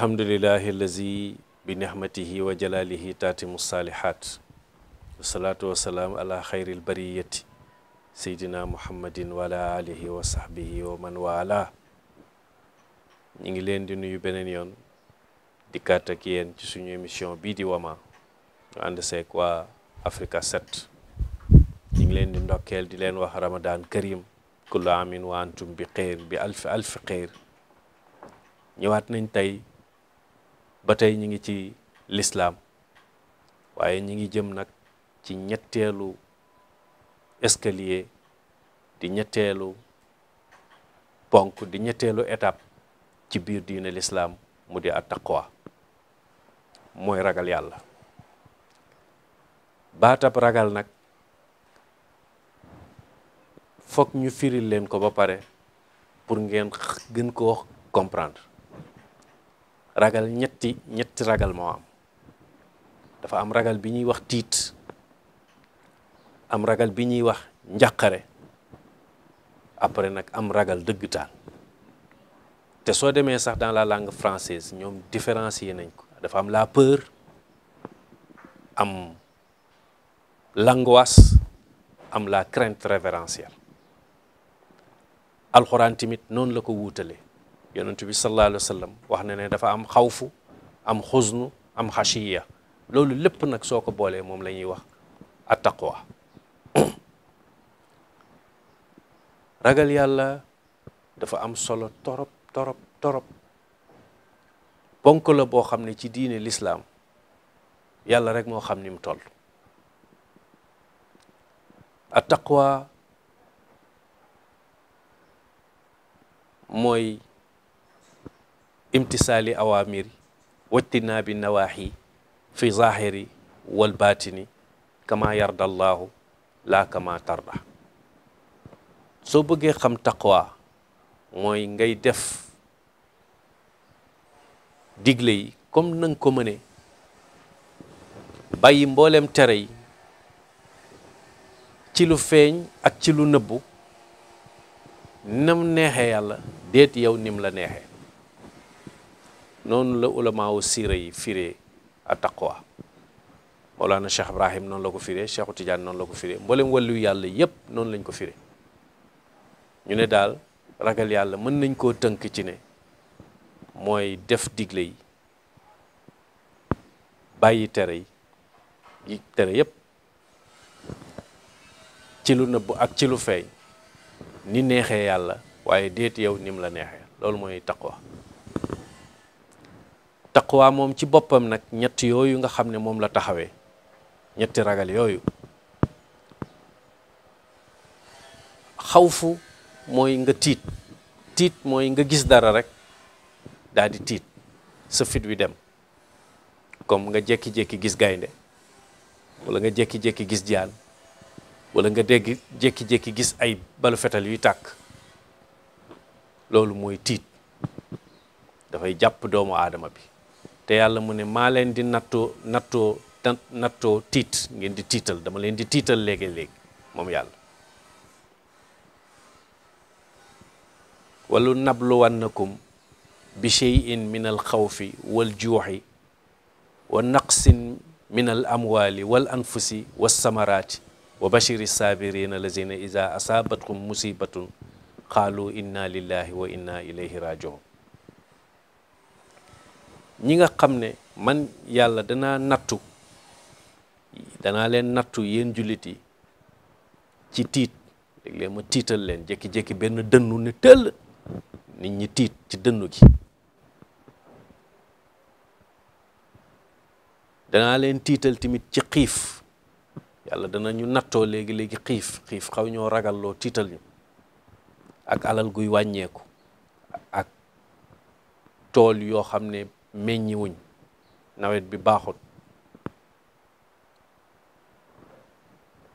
alhamdulilahi allazi bi nihmatihi wa jalalihi taatimu saalihaat wasalaatu wasalaam ala xayril bariyati seydina wa ala alihi wa sahbihi wa man waala ñu ngi leen di nuyu beneen yoon dikkaat ak yéen ci suñu émission bii di wama ñu ànd seeg waa Africa 7 ñu ngi leen di ndokkeel di leen wax ramadan karim kullu amin wa antum bi xeyr bi alfi alfi xeyr ñëwaat nañ tey ba tey ñi ngi ci lislaam waaye ñi ngi jëm nag ci ñetteelu escalier di ñetteelu ponk di ñetteelu étape ci biir diine lislaam mu di at taqwa mooy ragal yàlla baatab ragal nag foog ñu firil leen ko ba pare pour ngeen gën koo comprendre ragal ñetti ñetti ragal moo am dafa am ragal bi ñuy wax tiit am ragal bi ñuy wax njàqare après nag am ragal dëgg-taal te soo demee sax dans la langue française ñoom différencier nañ ko dafa am la peur am l'angoisse am la crainte révérentielle alxuraan tamit noonu la ko wuutale yonent bi sallallahu alayhi wa sallam wax na ne dafa am xawfu am xusnu am xashiya loolu lépp nag soo ko boolee moom la ñuy wax at taqwa ragal yàlla dafa am solo torop torop torop ponk la boo xam ne ci diine lislaam yàlla rek moo xam ni mu toll at taqwa mooy imtisaali awaamiri wajtinaabi nawaahi fi zahiri wal baatini kama yarda allahu laa kama tarda soo bëggee xam taqwa mooy ngay def digle yi comme nanga ko mëne bàyyi mboolem tere yi ci lu feeñ ak ci lu nëbbu nam neexee yàlla déet yow nim la neexee noonu la ulama wu siira yi firee at taqwa Mawlana Cheikh Ibrahim noonu la ko firee Cheikhu Tidiane noonu la ko firee mboolem wàllu yàlla yépp noonu lañ ko firee ñu ne daal ragal yàlla mën nañ koo tënk ci ne mooy def digle yi bàyyi tere yi tere yépp ci lu nëbb ak ci lu feeñ ni neexee yàlla waaye déet yow nim la neexee loolu mooy taqwa taqwa moom ci boppam nag ñett yooyu nga xam ne moom la taxawee ñetti ragal yooyu xawfu mooy nga tiit tiit mooy nga gis dara rek daal tiit sa fit wi dem comme nga jékki gis gaynde wala nga jékki gis jaan wala nga dégg jékki gis ay balu fetal yuy tàkk loolu mooy tiit dafay jàpp doomu aadama bi te yàlla mu ne maa leen di nattoo nattoo tiit ngeen di tiital dama leen di tiital léegi-léegi moom yàlla walu nabluwannakum bi cheyin min al xawfi wal juuxi wa naqsin min al amwaali wal anfusi wassamaraati wa bashiri saabirina lazina ida asaabatkum wa inna ilayhi rajiun ñi nga xam ne man yàlla danaa nattu danaa leen nattu yéen jullit yi ci tiit léeg-léeg ma tiital leen jékki-jékki benn dënnu ne tëll nit ñi tiit ci dënnu gi dana leen tiital tamit ci xiif yàlla dana ñu nattoo léegi-léegi xiif xiif xaw ñoo ragalloo tiital ñu ak alal guy wàññeeku ak tool yoo xam ne meññi wuñ nawet bi baaxut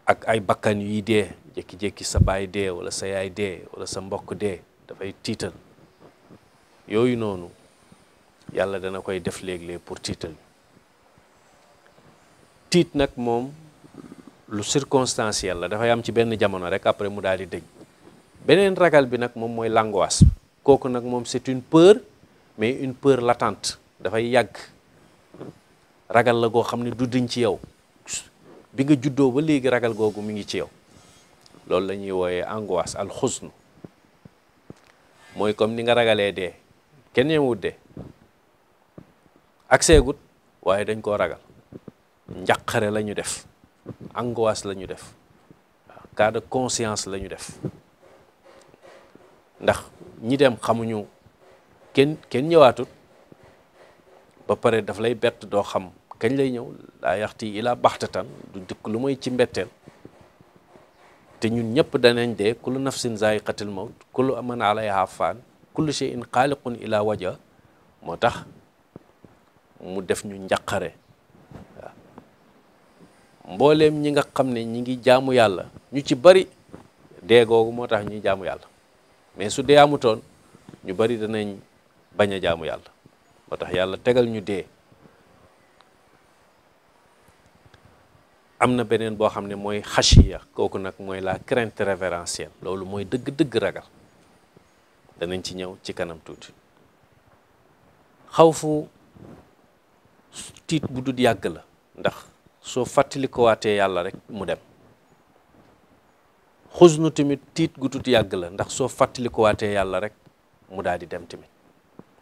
ak ay bakkan yuy dee jékki-jékki sa baay dee wala sa yaay dee wala sa mbokk dee dafay tiital yooyu noonu yàlla dana koy def léeg pour tiital tiit nag moom lu circonstance yàlla dafay am ci benn jamono rek après mu daal di dëñ beneen ragal bi nag moom mooy l'angoisse kooku nag moom c'est une peur mais une peur latente dafay yàgg ragal la goo xam ne du diñ ci yow bi nga juddoo ba léegi ragal googu mu ngi ci yow loolu lañuy ñuy wooyee angoisse mooy comme ni nga ragalee de kenn ñemewut dee ak seegut waaye dañ koo ragal njàqare la ñu def angoisse la ñu def waaw cas conscience lañu def ndax ñi dem xamuñu kenn kenn ñëwaatut ba pare daf lay bett doo xam kañ lay ñëw laa yaxti ilaa baxtatan du dikk lu moy ci mbetteel te ñun ñëpp danañ dee kullu nafsin zaiqatil mawt kullu man alayha faan kullu shay'in xaaliqun ila waja moo tax mu def ñu njaqare waaw mbooleem ñi nga xam ne ñi ngi jaamu yàlla ñu ci bari dee googu moo tax ñuy jaamu yàlla mais su dee amutoon ñu bari danañ bañ a jaamu yàlla moo tax yàlla tegal ñu dee am na beneen boo xam ne mooy xashiya kooku nag mooy la crainte révérentielle loolu mooy dëgg-dëgg ragal danañ ci ñëw ci kanam tuuti xaw fu tiit bu dul yàgg la ndax soo fàttalikuwaatee yàlla rek mu dem xusnu tamit tiit gu dul yàgg la ndax soo fàttalikuwaatee yàlla rek mu daal di dem tamit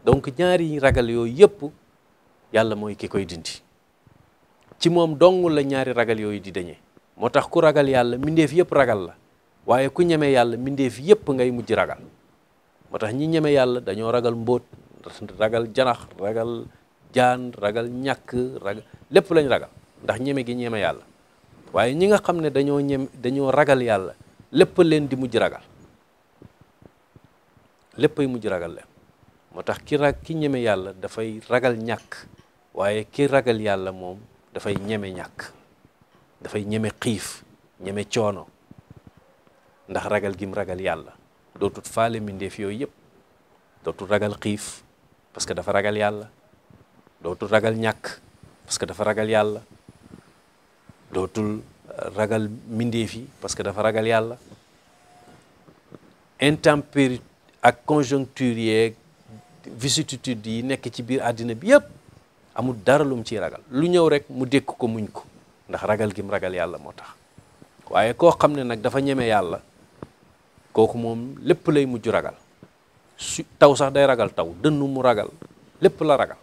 donc ñaari ragal yooyu yëpp yàlla mooy ki koy dindi ci moom dong la ñaari ragal yooyu di dañee moo tax ku ragal yàlla mbindeef yëpp ragal la waaye ku ñeme yàlla mbindeef yëpp ngay mujj ragal moo tax ñi ñeme yàlla dañoo ragal mbóot ragal janax ragal jaan ragal ñàkk lépp lañ ragal ndax ñeme gi ñeme yàlla waaye ñi nga xam ne dañoo ragal yàlla lépp leen di mujj ragal léppay mujj ragal leen moo tax ki rag ki ñeme yàlla dafay ragal ñàkk waaye ki ragal yàlla moom dafay ñeme ñàkk dafay ñeme xiif ñeme coono ndax ragal gim ragal yàlla dootul faale mbindeef yooyu yëpp dootul ragal xiif parce que dafa ragal yàlla dootul ragal ñàkk parce que dafa ragal yàlla dootul ragal mbindeef parce que dafa ragal yàlla intempérie ak conjoncture yeeg vicissitudes yi nekk ci biir àddina bi yëpp amul dara lum ciy ragal lu ñëw rek mu dékk ko muñ ko ndax ragal gim ragal yàlla moo tax waaye koo xam ne nag dafa ñeme yàlla kooku moom lépp lay mujj ragal su taw sax day ragal taw dënnu mu ragal lépp la ragal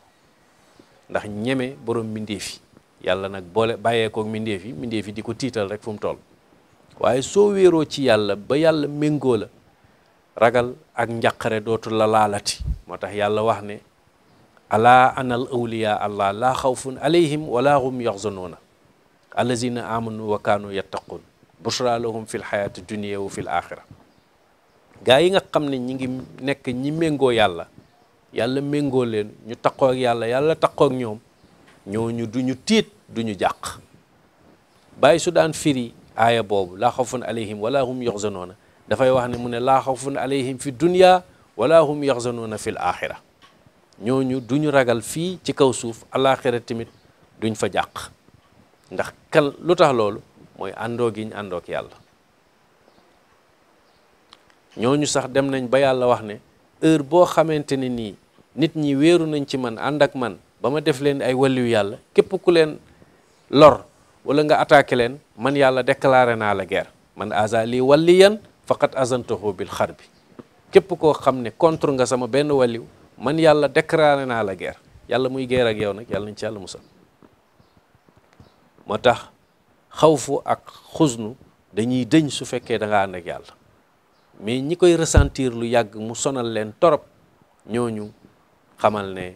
ndax ñeme borom mbindeef yi yàlla nag boole bàyyeekoo mbindeef yi mbindeef yi di ko tiital rek fu mu toll waaye soo wéeroo ci yàlla ba yàlla méngoo la ragal ak njàqare dootul la laalati moo tax yàlla wax ne ala anal awliya allah laa xawfun alayhim wala hum yaxzanuuna allazina amanu wa kaanu yattaqun bushra lahum fi lxayaati dunia wa fi l gaa yi nga xam ne ñi ngi nekk ñi méngoo yàlla yàlla méngoo leen ñu taqoog yàlla yàlla taqoog ñoom ñooñu du ñu tiit du ñu jàq bàyyi su daan firi aaya boobu laa xawfun alayhim wala hum yaxzanoona dafay wax ne mu ne laa xawfun alayhim fi dunia wala hum yaxzanuuna fil axira ñooñu duñu ragal fii ci kaw suuf alaxira tamit duñ fa jàq ndax kan lu tax loolu mooy àndoo gi ñu àndook yàlla ñooñu sax dem nañ ba yàlla wax ne heure boo xamante ne nii nit ñi wéeru nañ ci man ànd ak man ba ma def leen ay waliyu yàlla képp ku leen lor wala nga attaqué leen man yàlla déclaré naa la guerre man azali waliyan faqat azantahu xar bi képp koo xam ne contre nga sama benn waliw man yàlla déclaré naa la guerre yàlla muy guerre ak yow nag yàlla nañ ci yàlla musal moo tax xawfu ak xusnu dañuy dëñ su fekkee da nga ànd ak yàlla mais ñi koy ressentir lu yàgg mu sonal leen torop ñu xamal ne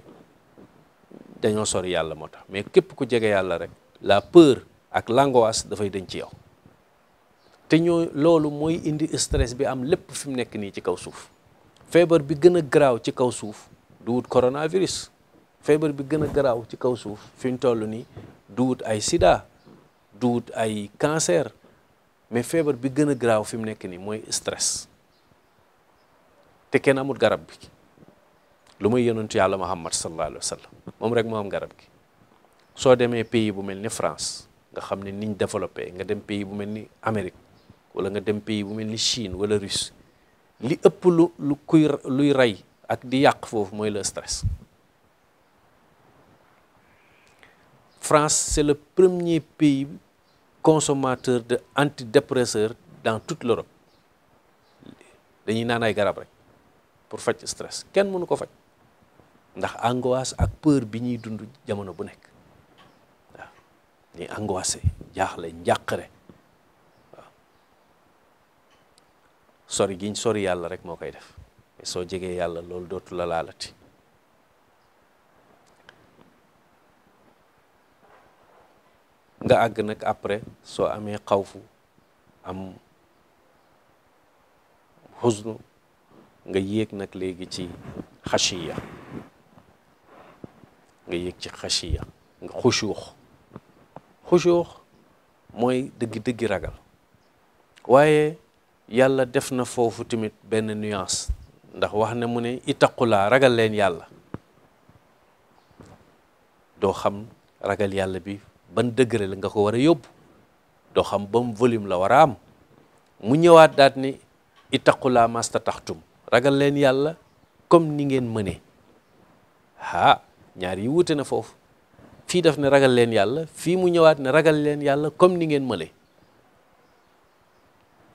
dañoo sori yàlla moo tax mais képp ku jege yàlla rek la peur ak l'angoisse dafay dëñ ci yow te ñoo loolu mooy indi stress bi am lépp fi mu nekk nii ci kaw suuf feebar bi gën a garaaw ci kaw suuf duwut coronavirus feebar bi gën a garaaw ci kaw suuf fi ñu toll nii duut ay sida duut ay cancer mais feebar bi gën a garaaw fi mu nekk nii mooy stress te kenn amut garab bi lu muy yonentu yàlla Muhammad sallallahu alayhi wa sallam moom rek moo garab gi soo demee pays bu mel ni France nga xam ne niñ développé nga dem pays bu mel ni Amérique wala nga dem pays bu mel ni Chine wala Russie li ëpp lu lu kuy luy rey ak di yàq foofu mooy le stress France c'est le premier pays consommateur de antidépresseurs dans toute l'Europe dañuy naan ay garab rek pour faj stress kenn mënu ko faj ndax angoisse ak peur bi ñuy dund jamono bu nekk waaw ñuy angoissé jaaxle njàqare sori giñ sori yàlla rek moo koy def soo jegee yàlla loolu dootu la laalati nga àgg nag après soo amee xawfu am xusnu nga yéeg nag léegi ci xashiya nga yéeg ci xashiya nga xusuux xusuux mooy dëgg-dëggi ragal waaye yàlla def na foofu tamit benn nuance ndax wax na mu ne itaqulaa ragal leen yàlla doo xam ragal yàlla bi ban degré la nga ko war a yóbbu doo xam bam volume la war a am mu ñëwaat daat ni itaqulaa taxtum ragal leen yàlla comme ni ngeen mëne haa ñaar yi wute na foofu fii daf na ragal leen yàlla fii mu ñëwaat ne ragal leen yàlla comme ni ngeen mënee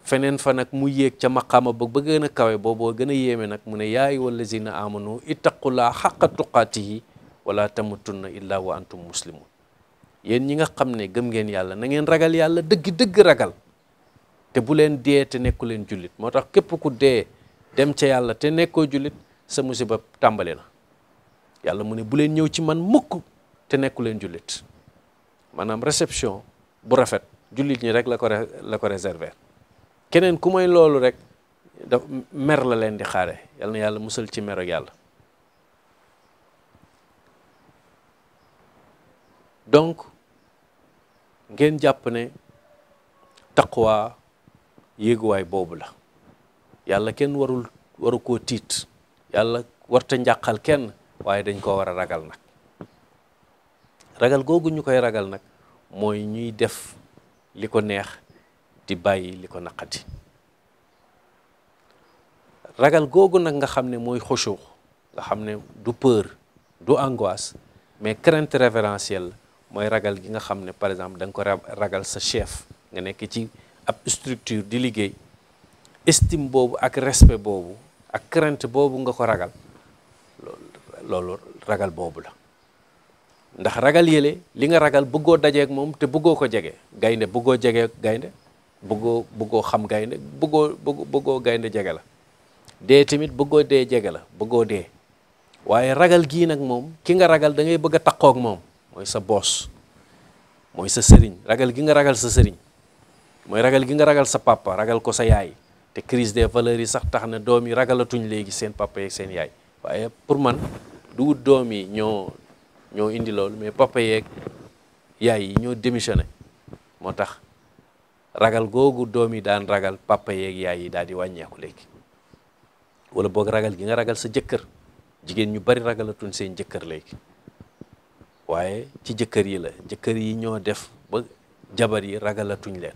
feneen fa nag mu yéeg ca maqaama ba ba gën a kawe booboo gën a yéeme nag mu ne yaay yaa ayyuhal lazina amanu ittaqulaa xaqa tuqaatihi wala tamutunna illa wa antum muslimun yéen ñi nga xam ne gëm ngeen yàlla na ngeen ragal yàlla dëgg dëgg ragal te bu leen dee te nekku leen jullit moo tax képp ku dee dem ca yàlla te nekkoo jullit sa musiba tàmbali na yàlla mu ne bu leen ñëw ci man mukk te nekku leen jullit maanaam réception bu rafet jullit ñi rek la ko la ko réserver keneen ku mooy loolu rek mer la leen di xaare yal na yàlla musal ci mer yàlla donc ngeen jàpp ne taqwa yéeguwaay boobu la yàlla kenn warul waru koo tiit yàlla warta njàqal kenn waaye dañ koo war a ragal nag ragal googu ñu koy ragal nag mooy ñuy def li ko neex di bàyyi li ko naqati ragal googu nag nga xam ne mooy xushu nga xam ne du peur du angoisse mais crainte révérentielle mooy ragal gi nga xam ne par exemple da nga ko ragal sa chef nga nekk ci ab structure di liggéey estime boobu ak respect boobu ak crainte boobu nga ko ragal loolu ragal boobu la ndax ragal yële li nga ragal bëggoo dajeek moom te buggoo ko jege gaynde buggoo jege gaynde bëggoo bëggoo xam gaynde bëggoo bëggoo gaynde jege la dee tamit bëggoo dee jege la bëggoo dee waaye ragal gii nag moom ki nga ragal da ngay bëgg a taqoo moom mooy sa boos mooy sa sëriñ ragal gi nga ragal sa sëriñ mooy ragal gi nga ragal sa papa ragal ko sa yaay te crise de valeurs yi sax tax na doom yi ragalatuñ léegi seen papa yeeg seen yaay waaye pour man du doom yi ñoo ñoo indi loolu mais papa yeeg yaay yi ñoo démissionné moo tax ragal googu doom yi daan ragal pàppa yeeg yaay yi daal di wàññeeku léegi wala boog ragal gi nga ragal sa jëkkër jigéen ñu bari ragalatuñ seen jëkkër léegi waaye ci jëkkër yi la jëkkër yi ñoo def ba jabar yi ragalatuñ leen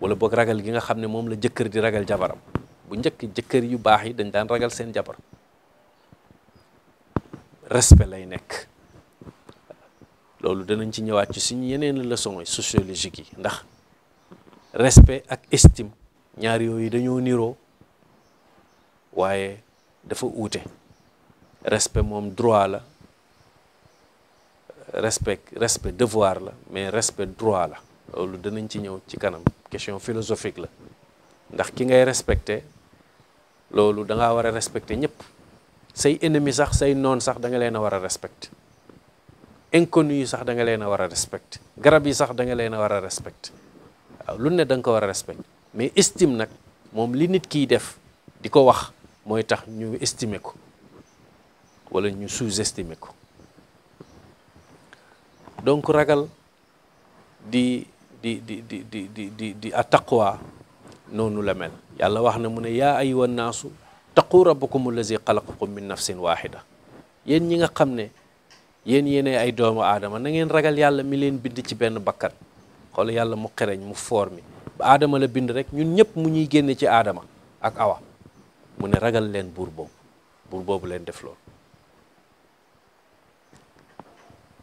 wala boog ragal gi nga xam ne moom la jëkkër di ragal jabaram bu njëkk jëkkër yu baax yi dañ daan ragal seen jabar respect lay nekk loolu danañ ci ñëwaat ci suñu yeneen leçon sociologique yi ndax respect ak estime ñaar yooyu dañoo niroo waaye dafa uute respect moom droit la respect respect devoir la mais respect droit la loolu danañ ci ñëw ci kanam question philosophique la ndax ki ngay respecter loolu da ngaa war a respecter ñëpp say ennemi sax say noon sax da nga leen a war a respecter inconnu yi sax da nga leen a war a respecter garab yi sax da nga leen a war a respecter waaw lu ne danga ko war a respect mais estime nag moom li nit kiy def di ko wax mooy tax ñu estimer ko wala ñu sous-estimer ko donc ragal di di di di di di di di attaqwa noonu la mel yàlla wax na mu ne yaa ay ayyuhan naasu taqu rabbakum allazi xalaqakum min seen waaxida yéen ñi nga xam ne yéen yéene ay doomu aadama na ngeen ragal yàlla mi leen bind ci benn bakkan xool yàlla mu xereñ mu foor mi ba aadama la bind rek ñun ñëpp mu ñuy génne ci aadama ak awa mu ne ragal leen buur boobu buur boobu leen def loolu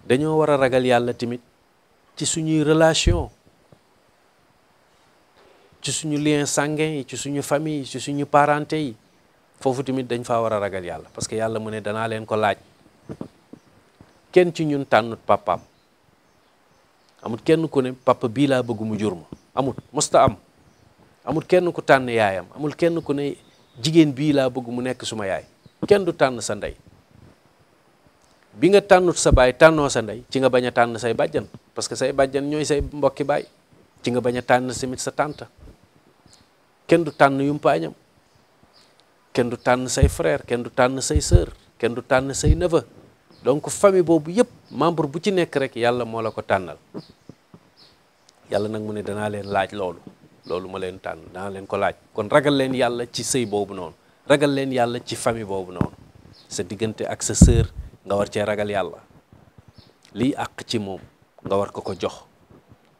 dañoo war a ragal yàlla tamit ci suñuy relation ci suñu lien sanguin yi ci suñu famille yi ci suñu parenté yi foofu tamit dañ faa war a ragal yàlla parce que yàlla mu ne danaa leen ko laaj kenn ci ñun tànn papaam amul kenn ku ne papa bii laa bëgg mu jur ma amul mosta am amul kenn ku tànn yaayam amul kenn ku ne jigéen bii laa bëgg mu nekk suma yaay kenn du tànn sa ndey bi nga tànnut sa baay tànnoo sa ndey ci nga bañ a tànn say bàjjan parce que say bàjjan ñooy say mbokki baay ci nga bañ a tànn tamit sa tànta kenn du tànn yumpaañam kenn du tànn say freer kenn du tànn say sœur kenn du tànn say neveu donc famille boobu yëpp membre bu ci nekk rek yàlla moo la ko tànnal yàlla nag mu ne danaa leen laaj loolu loolu ma leen tànn danaa leen ko laaj kon ragal leen yàlla ci sëy boobu noonu ragal leen yàlla ci famille boobu noonu sa diggante ak sa sœur nga war cee ragal yàlla lii àq ci moom nga war ko ko jox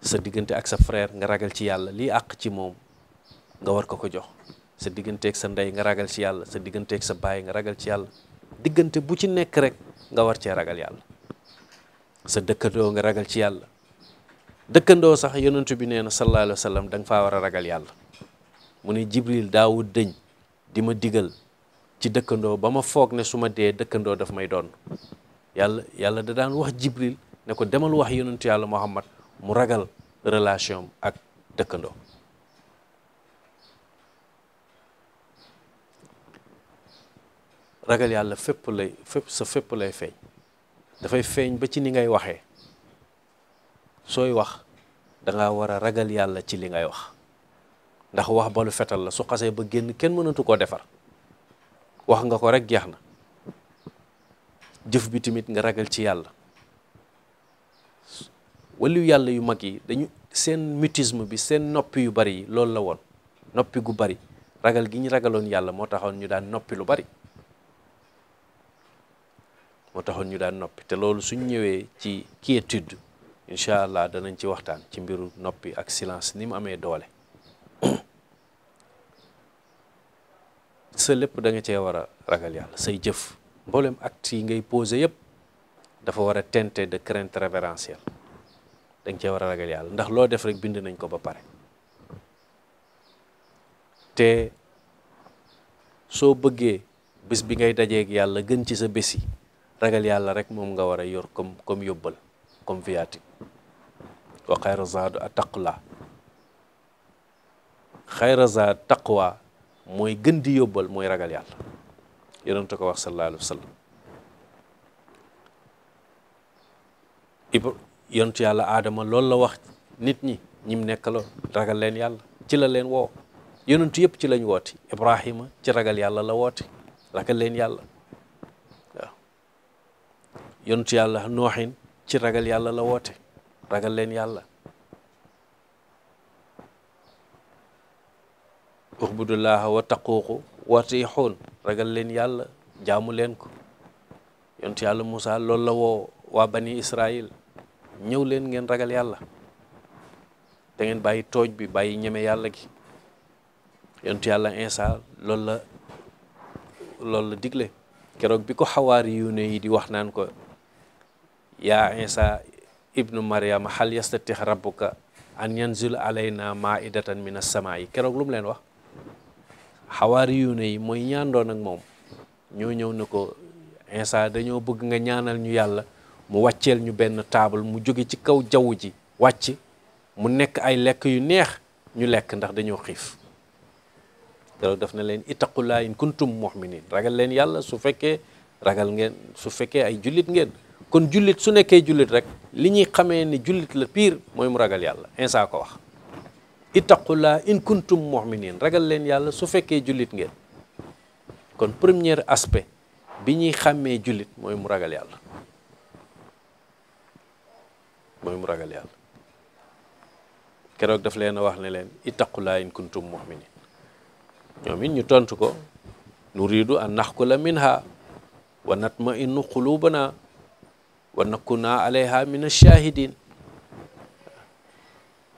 sa diggante ak sa frère nga ragal ci yàlla lii àq ci moom nga war ko ko jox sa digganteeg sa ndey nga ragal ci yàlla sa digganteeg sa baay nga ragal ci yàlla diggante bu ci nekk rek nga war cee ragal yàlla sa dëkkandoo nga ragal ci yàlla dëkkandoo sax yonentu bi nee na sallallahu alayhi wa sallam faa war a ragal yàlla mu ne jibril daawud dëñ di ma digal ci dëkkandoo ba ma foog ne su ma dee dëkkandoo dafa may doon yàlla yàlla da daan wax jibril ne ko demal wax yonentu yàlla muhammad mu ragal relation ak dëkkandoo ragal yàlla fépp lay fépp sa fépp lay feeñ dafay feeñ ba ci ni ngay waxee sooy wax da nga war a ragal yàlla ci li ngay wax ndax wax ba lu fetal la su xasee ba génn kenn mënatu koo defar wax nga ko rek jeex na jëf bi tamit nga ragal ci yàlla waliyu yàlla yu mag yi dañu seen mutisme bi seen noppi yu bari yi loolu la woon noppi gu bari ragal gi ñu ragaloon yàlla moo taxoon ñu daan noppi lu bari moo taxoon ñu daan noppi te loolu suñ ñëwee ci quiétude incha allah danañ ci waxtaan ci mbiru noppi ak silence ni mu amee doole sa lépp da nga cee war a ragal yàlla say jëf mboolem acte yi ngay posé yëpp dafa war a teinté de crainte révérentielle da cee war a ragal yàlla ndax loo def rek bind nañ ko ba pare te soo bëggee bés bi ngay dajeeg yàlla gën ci sa bés yi ragal yàlla rek moom nga war a yor comme comme yóbbal comme viatique wa xayra zaadu a mooy gën di yóbbal mooy ragal yàlla yonent ko wax sallallahu alayhi wa sallam ib yontu yàlla aadama loolu la wax nit ñi ñim nekkaloo ragal leen yàlla ci la leen woo yonentu yëpp ci lañ woote Ibrahima ci ragal yàlla la woote ragal leen yàlla yontu yàlla nooxin ci ragal yàlla la woote ragal leen yàlla uxbudullaha wa taquuqu wa tiixuun ragal leen yàlla jaamu leen ko yontu yàlla Moussa loolu la woo waa bani Israil ñëw leen ngeen ragal yàlla da ngeen bàyyi tooj bi bàyyi ñeme yàlla gi yontu yàlla Insa loolu la loolu digle keroog bi ko xawaari yu yi di wax naan ko yaa isa ibnu mariama hal yastatih rabbuka an yanzul alayna maidatan min assamaa yi keroog lu mu leen wax xawaari yu ne yi mooy ñaandoon ak moom ñoo ñëw ne ko insa dañoo bëgg nga ñaanal ñu yàlla mu wàcceel ñu benn taabal mu jóge ci kaw jaww ji wàcc mu nekk ay lekk yu neex ñu lekk ndax dañoo xiif keroog daf na leen ittaqullaa in kuntum mu'minin ragal leen yàlla su fekkee ragal ngeen su fekkee ay jullit ngeen kon jullit su nekkee jullit rek li ñuy xamee ni jullit la pire mooy mu ragal yàlla insa ko wax ittaqullaa in kuntum mu'minin ragal leen yàlla su fekkee jullit ngeen kon première aspect bi ñuy xàmmee jullit mooy mu ragal yàlla mooy mu ragal yàlla keroog daf leen a wax ne leen ittaqullaa in kuntum mu'minin ñoom it ñu tontu ko nuridu an naxkula minha wa natma innu qulubana wa nakuna alayha min ash-shahidin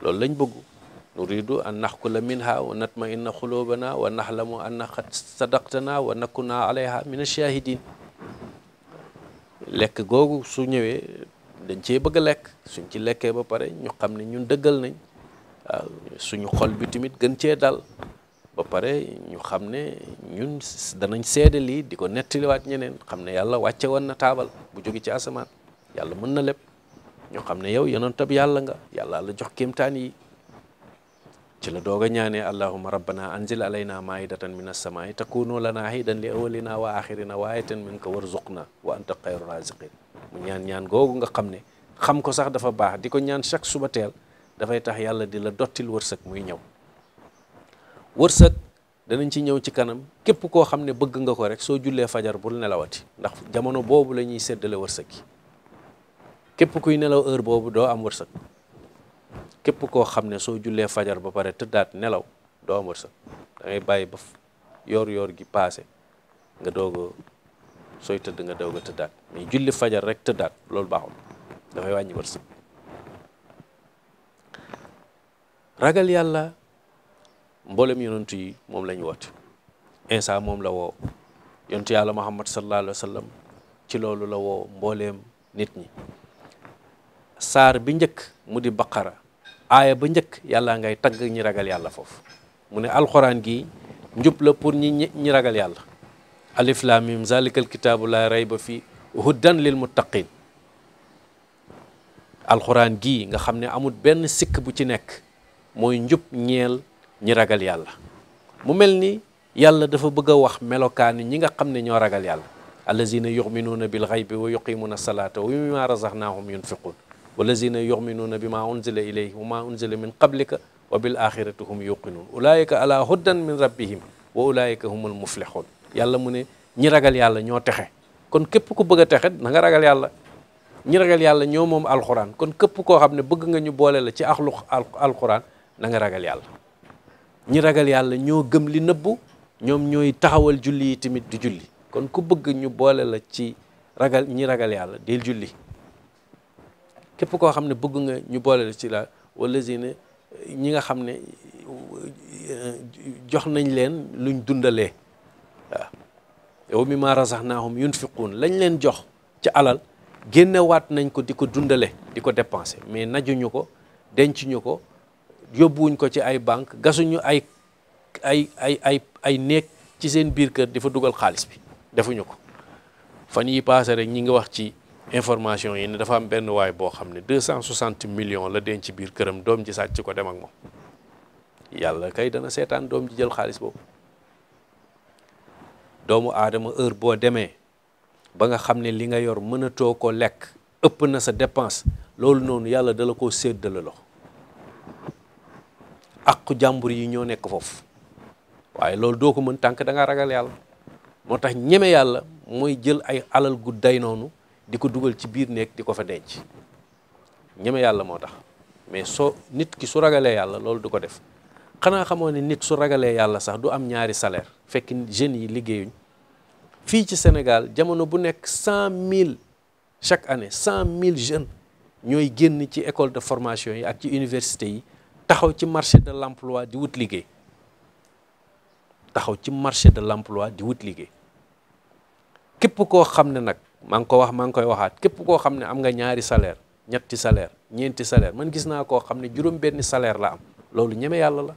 loolu lañ bëgg nuridu an naxkula minha wa natma'inna xulubana wa naxlamu anna xad sadaqtana wa nakuna alayha min ash-shahidin lekk googu su ñëwee dañ cee bëgg a lekk suñ ci lekkee ba pare ñu xam ne ñun dëggal nañ suñu xol bi tamit gën cee dal ba pare ñu xam ne ñun danañ seede lii di ko nettaliwaat ñeneen xam ne yàlla wàcce woon na taabal bu jóge ci asamaan yàlla mën na lépp ñu xam ne yow yonentab yàlla nga yàlla la jox kéemtaan yi ci la doog a ñaanee allahuma rabbana anzil alayna maidatan min a assamaa'i takunu lana hidan li awalina wa axirina wa ayatan minka warzuqna wa anta xayru raziqin mu ñaan ñaan googu nga xam ne xam ko sax dafa baax di ko ñaan chaque suba teel dafay tax yàlla di la dottil wërsëg muy ñëw wërsëg danañ ci ñëw ci kanam képp koo xam ne bëgg nga ko rek soo jullee fajar bul nelawati ndax jamono boobu la ñuy séddale wërsëg yi képp kuy nelaw heure boobu doo am wërsëg képp koo xam ne soo jullee fajar ba pare tëddaat nelaw doo am wërsëg da ngay bàyyi ba yoor-yoor gi paase nga doogo sooy tëdd nga doog a tëddaat mais julli fajar rek tëddaat loolu baaxul dafay wàññi wërsëg ragal yàlla mboolem yonentu yi moom la ñu woote insa moom la woo yonentu yàlla muhammad sallallahu alayhi wa ci loolu la woo mbooleem nit ñi saar bi njëkk mu di baqara aaya ba njëkk yàlla ngay tagg ñi ragal yàlla foofu mu ne alxuraan gi njub la pour ñi ñi ragal yàlla alif laam mim zalikal kitaabu laa rayba fi huddan lil muttaqin alxuraan gi nga xam ne amut benn sikk bu ci nekk mooy njub ñeel ñi ragal yàlla mu mel ni yàlla dafa bëgg a wax melokaani ñi nga xam ne ñoo ragal yàlla allazina yuminuuna bil xaybi wa yuqimuuna salaata wa mimma razaqnaahum yunfiquun walazina yuminuuna bi maa unzila ilayhi wa maa unzila min qablika wa bil axirati hum yuqinuun ulaayika ala huddan min rabbihim wa ulaayika humul muflixuun yàlla mu ne ñi ragal yàlla ñoo texe kon képp ku bëgg a texe na nga ragal yàlla ñi ragal yàlla ñoo moom alxuraan kon képp koo xam ne bëgg nga ñu boole la ci axlu alxuraan na nga ragal yàlla ñi ragal yàlla ñoo gëm li nëbbu ñoom ñooy taxawal julli yi tamit di julli kon ku bëgg ñu boole la ci ragal ñi ragal yàlla del julli képp koo xam ne bëgg nga ñu boole la ci la wala zine ñi nga xam ne euh, jox nañ leen luñ dundalee waaw yow mi maa yun yunfiquun lañ leen jox ci alal génnewaat nañ ko di ko dundale di ko dépenser mais najuñu ko dencuñu ko yóbbuwuñ ko ci ay banque gasuñu ay ay ay ay ay néeg ci seen biir kër di fa dugal xaalis bi defuñu ko fan yi paase rek ñi ngi wax ci information yi ne dafa am benn waay boo xam ne deux cent soixante millions la denc biir këram doom ji sàcc ko dem ak yàlla kay dana seetaan doom ji jël xaalis boobu doomu aadama heure boo demee ba nga xam ne li nga yor mënatoo ko lekk ëpp na sa dépense loolu noonu yàlla dala koo séddale lo aqu jàmbur yi ñoo nekk foofu waaye loolu doo ko mën tànk da nga ragal yàlla moo tax ñeme yàlla mooy jël ay alal gu day noonu di ko dugal ci biir néeg di ko fa denc ñeme yàlla moo tax mais soo nit ki su ragalee yàlla loolu du ko def xanaa xamoo ne nit su ragalee yàlla sax du am ñaari salaire fekk jeunes yi liggéeyuñ fii ci Sénégal jamono bu nekk cent mille chaque années cent mille jeunes ñooy génn ci école de formation yi ak ci université yi taxaw ci marché de l'emploi di wut liggéey taxaw ci marché de l'emploi di wut liggéey képp koo xam ne nag maa ngi ko wax maa ngi koy waxaat képp ko xam ne am nga ñaari salaire ñetti salaire ñeenti salaire man gis naa koo xam ne juróom benn salaire la am loolu ñeme yàlla la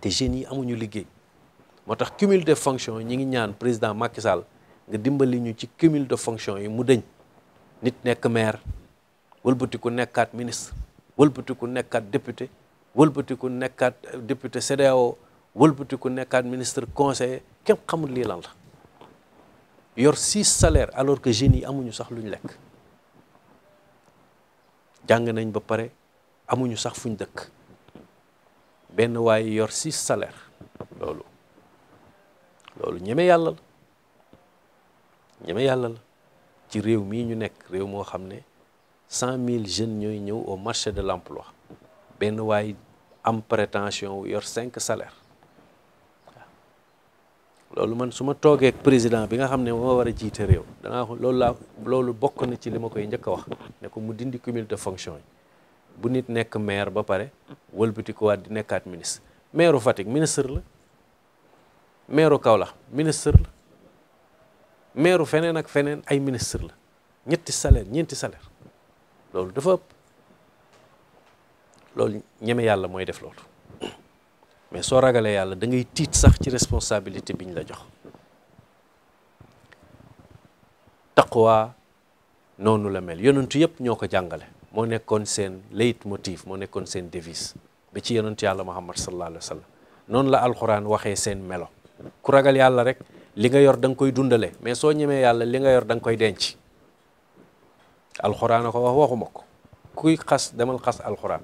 te jeunes yi amuñu liggéey moo tax cumul de fonction ñi ngi ñaan président Macky nga dimbali ñu ci cumul de fonction yi mu dëñ nit nekk maire wëlbatiku nekkaat ministre wëlbatiku nekkaat député wëlbatiku nekkaat euh, député CEDEAO wëlbatiku nekkaat ministre conseil kenn xamul lii lan la yor six salaire alors que jeunes yi amuñu sax luñ lekk jàng nañ ba pare amuñu sax fuñ dëkk benn waaye yor six salaire loolu ñeme yàlla la ñeme yàlla la ci réew mii ñu nekk réew moo xam ne cent mille jeunes ñooy ñëw au marché de l'emploi benn waaye am prétention yor cinq salaire loolu man su ma toogee ak président bi nga xam ne moo war a jiite réew ko loolu laa loolu bokk na ci li ma koy njëkk a wax ne ko mu dindi cumul de fonction yi bu nit nekk maire ba pare wëlbati ko waat di nekkaat ministre maire Fatick ministre la maire Kaolack ministre la maire feneen ak feneen ay ministre la ñetti salaire ñeenti salaire loolu dafa ëpp loolu ñeme yàlla mooy def loolu mais soo ragalee yàlla da tiit sax ci responsabilité bi ñu la jox taqwa noonu la mel yonentu yëpp ñoo ko jàngale moo nekkoon seen leitmotiv moo nekkoon seen devise ba ci yonentu yàlla muhammad sallallahu alayhi wa noonu la alxuraan waxee seen melo ku ragal yàlla rek li nga yor danga koy dundale mais soo ñemee yàlla li nga yor danga koy denc alxuraan a ko wax waxuma ko kuy xas demal xas alxuraan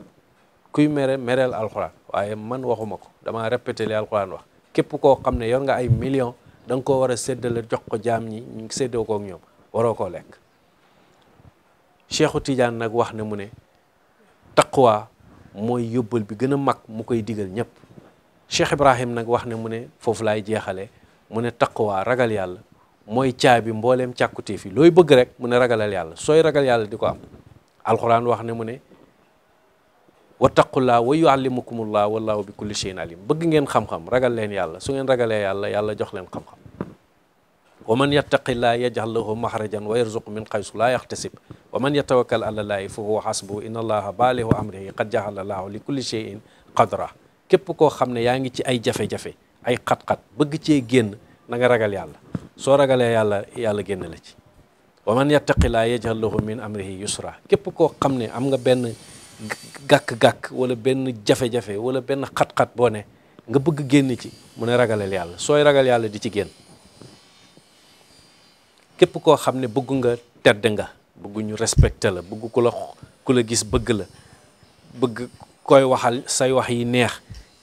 kuy mere mereel alxuraan waaye man waxuma ko damaa répété li alxuraan wax képp koo xam ne yor nga ay millions da nga koo war a séddale jox ko jaam ñi ñu séddoo kook ñoom waroo koo lekk Cheikhu Tidiane nag wax ne mu ne taqwa mooy yóbbal bi gën a mag mu koy digal ñëpp Cheikh Ibrahim nag wax ne mu ne foofu laay jeexale mu ne taqwa ragal yàlla mooy caabi mboolem càkkutéef yi looy bëgg rek mu ne ragalal yàlla sooy ragal yàlla di ko am alxuraan wax ne mu ne wattaqullaa wa yuallimukumullaa wallaahu bi kulli shay'in alim bëgg ngeen xam-xam ragal leen yàlla su ngeen ragalee yàlla yàlla jox leen xam-xam wa man yattaqillaa yaj'al lahu maxrajan wa yarzuqu min xaysu laa yaxtasib wa man yatawakkal ala llaahi fa huwa xasbu inna allaha baalihu amrihi qad jaxala llaahu li kulli shay'in qadra képp koo xam ne yaa ngi ci ay jafe-jafe ay xat-xat bëgg cee génn na nga ragal yàlla soo ragalee yàlla yàlla génn la ci wa man yattaqillaa yaj'al lahu min amrihi yusra képp koo xam ne am nga benn gàkk-gàkk wala benn jafe-jafe wala benn xat-xat boo ne nga bëgg génn ci mu ne ragalal yàlla sooy ragal yàlla di ci génn képp koo xam ne bëgg nga tedd nga bëgg respecté la bëgg ku la ku la gis bëgg la bëgg koy waxal say wax yi neex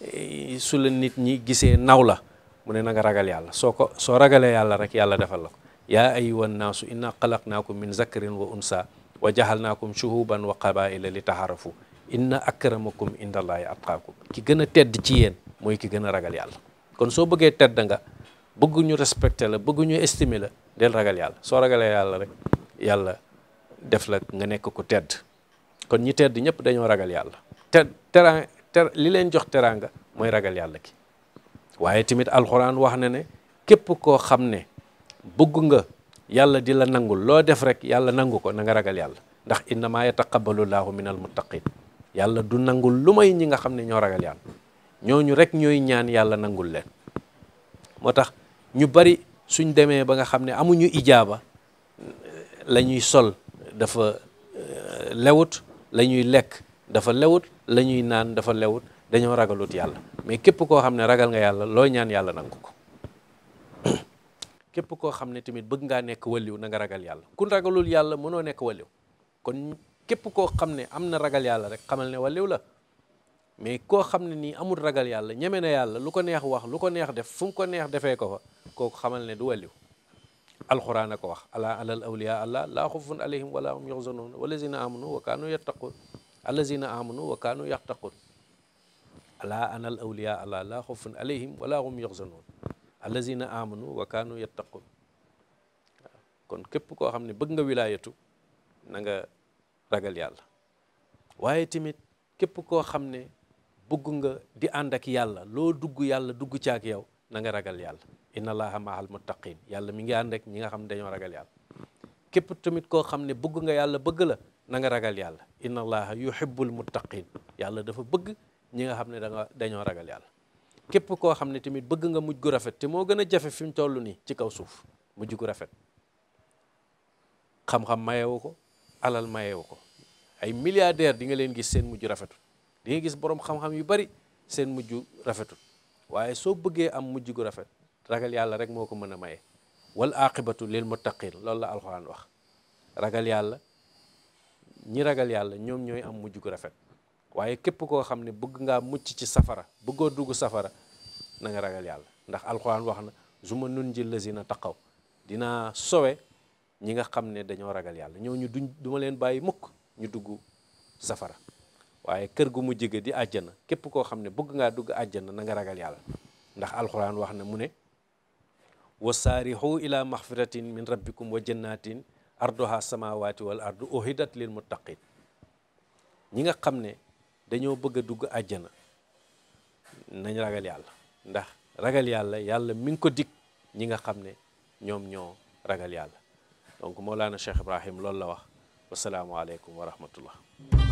eh, su nit ñi gisee naw la mu ne na nga ragal yàlla soo ko soo ragalee yàlla rek yàlla defal la ko yaa ayyuhan naasu inna xalaqnaakum min zakarin wa unsa jaxal wa jahalnaakum shuhuban wa qabaila li taxarafu inna akramakum indallahi atqaakum ki gën a tedd ci yéen mooy ki gën a ragal yàlla kon soo bëggee tedd nga bëggu ñu respecté la bëgg ñu estimé la del ragal yàlla soo ragalee yàlla rek yàlla def la nga nekk ko tedd kon ñi tedd ñëpp dañoo ragal yàlla te teraan ter li leen jox teraanga mooy ragal yàlla ki waaye tamit alxuraan wax na ne képp koo xam ne bëgg nga yàlla di la nangul loo def rek yàlla nangu ko nanga ragal yàlla ndax innama yataqabbalu llaahu min al muttaqin yàlla du nangul lu may ñi nga xam ne ñoo ragal yàlla ñooñu rek ñooy ñaan yàlla nangul leen moo tax ñu bari suñ demee ba nga xam ne amuñu ijaaba la ñuy sol dafa euh, lewut la ñuy lekk dafa lewut la ñuy naan dafa lewut dañoo ragalut yàlla mais képp koo xam ne ragal nga yàlla loo ñaan yàlla nangu ko képp koo xam ne tamit bëgg ngaa nekk waliw na nga ragal yàlla kun ragalul yàlla mënoo nekk waliw kon képp koo xam ne am na ragal yàlla rek xamal ne waliw la mais koo xam ne nii amut ragal yàlla ñeme na yàlla lu ko neex wax lu ko neex def fu ko neex defee ko fa kooku xamal ne du waliw alxuraan a ko wax ala alal awliya allah laa xufun alayhim wala hum yaxzanuun walazina wa kaanu yattaqun allazina amanu wa kaanu yattaqun ala anal awliya allah laa xufun alayhim wala allazina amanu wakaanu kaanu yattaqun waaw kon képp koo xam ne bëgg nga wilaayatu na nga ragal yàlla waaye tamit képp koo xam ne bëgg nga di ànd ak yàlla loo dugg yàlla dugg ci ak yow na nga ragal yàlla inna allaha mahal muttaqin yàlla mi ngi ànd ñi nga xam ne dañoo ragal yàlla képp tamit koo xam ne bëgg nga yàlla bëgg la nanga nga ragal yàlla inna allaha yuhibbul muttaqin yàlla dafa bëgg ñi nga xam ne da dañoo ragal yàlla képp koo xam ne tamit bëgg nga mujj gu rafet te moo gën a jafe fi mu toll nii ci kaw suuf mujj gu rafet xam-xam mayewu ko alal mayewu ko ay milliardaire di nga leen gis seen mujj rafetul di gis boroom xam-xam yu bari seen mujj rafetul waaye soo bëggee am mujj gu rafet ragal yàlla rek moo ko mën a maye wal aqibatu lil muttaqin loolu la alxuraan wax ragal yàlla ñi ragal yàlla ñoom ñooy am mujj gu rafet waaye képp koo xam ne bëgg ngaa mucc ci safara bëggoo dugg safara nanga nga ragal yàlla ndax alxuraan wax na zuma nun ji lazina taqaw dinaa sowe ñi nga xam ne dañoo ragal yàlla ñooñu duñ du leen bàyyi mukk ñu dugg safara waaye kër gu mu jege di àjjana képp koo xam ne bëgg ngaa dugg àjjana na nga ragal yàlla ndax alxuraan wax na mu ne wa saarixu ila maxfiratin min rabbikum wa jannatin arduha samawati wal ardu leen mu muttaqin ñi nga xam ne dañoo bëgg a dugg àjjana nañ ragal yàlla ndax ragal yàlla yàlla mi ngi ko dikk ñi nga xam ne ñoom ñoo ragal yàlla donc Mawlana Cheikh Ibrahim loolu la wax wasalaamualeykum wa rahmatullah